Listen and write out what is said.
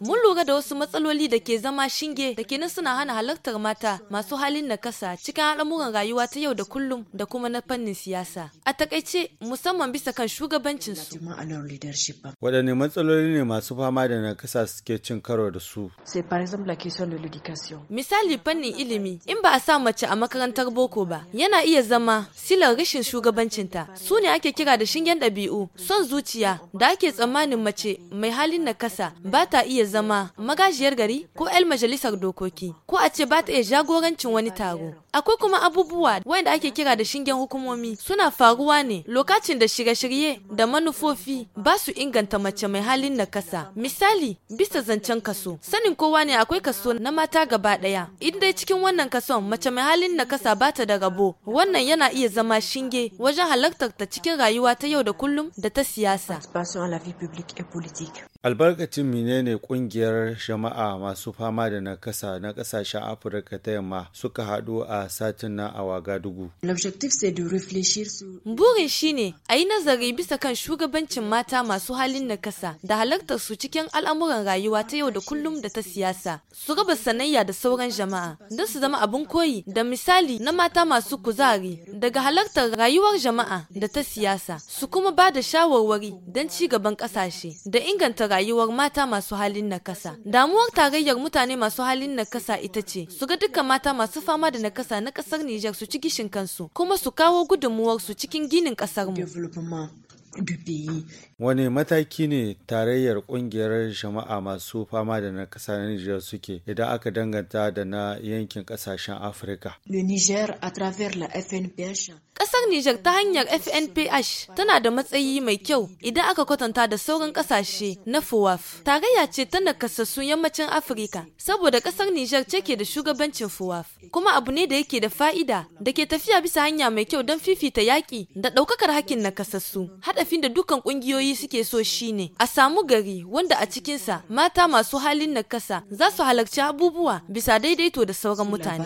Mun lura da wasu matsaloli da ke zama shinge da kenan suna hana halartar mata masu halin na nakasa cikin al'amuran rayuwa ta yau da kullum da kuma na fannin siyasa. A takaice musamman bisa kan shugabancin su. Waɗanne matsaloli ne masu fama da na kasa suke cin karo da su? Misali fannin ilimi, in ba a sa mace a makarantar boko ba, yana iya zama silar rashin shugabancinta. Su ne ake kira da shingen ɗabi'u, son zuciya da ake tsammanin mace mai halin na nakasa ba ta iya zama magajiyar gari ko 'yan majalisar dokoki ko a ce ba ta iya jagorancin wani taro Akwai kuma abubuwa wanda ake kira da shingen hukumomi suna faruwa ne lokacin da shirye-shirye da manufofi ba su inganta mace mai halin na kasa. Misali, bisa zancen kaso, sanin kowa ne akwai kaso na mata gaba ɗaya. In dai cikin wannan kason mace mai halin na kasa ba ta da rabo, wannan yana iya zama shinge wajen halartar ta cikin rayuwa ta yau da kullum da ta siyasa. Albarkacin menene kungiyar jama'a masu fama da nakasa na kasashen Afirka ta yamma suka hadu a satin na a Wagadugu. Burin shi ne a yi nazari bisa kan shugabancin mata masu halin kasa da halartar su cikin al'amuran rayuwa ta yau da kullum da ta siyasa. Su raba sanayya da sauran jama'a don su zama abin koyi da misali na mata masu kuzari daga halartar rayuwar jama'a da ta siyasa su kuma ba da shawarwari don ci gaban kasashe da inganta rayuwar mata masu halin kasa. Damuwar tarayyar mutane masu halin kasa ita ce su ga duka mata masu fama da nakasa matasa na ƙasar Nijar su ci gishin kansu kuma su kawo su cikin ginin ƙasarmu. Wani mataki ne tarayyar kungiyar jama'a masu fama da na kasa na Nijar suke idan aka danganta da na yankin kasashen Afirka? Ƙasar Nijar ta hanyar FNPH tana da matsayi mai kyau idan aka kwatanta da sauran ƙasashe na FOWAF. Tarayya ce ta nakasassun yammacin Afirka saboda ƙasar Nijar ce ke da shugabancin FOWAF. Kuma abu ne da yake da fa'ida da ke tafiya bisa hanya mai kyau don fifita yaƙi da ɗaukakar hakkin nakasassu. Haɗa Hadafin da dukan kungiyoyi suke so shine a samu gari wanda a cikinsa mata masu halin nakasa za su halarci abubuwa bisa daidaito da sauran mutane.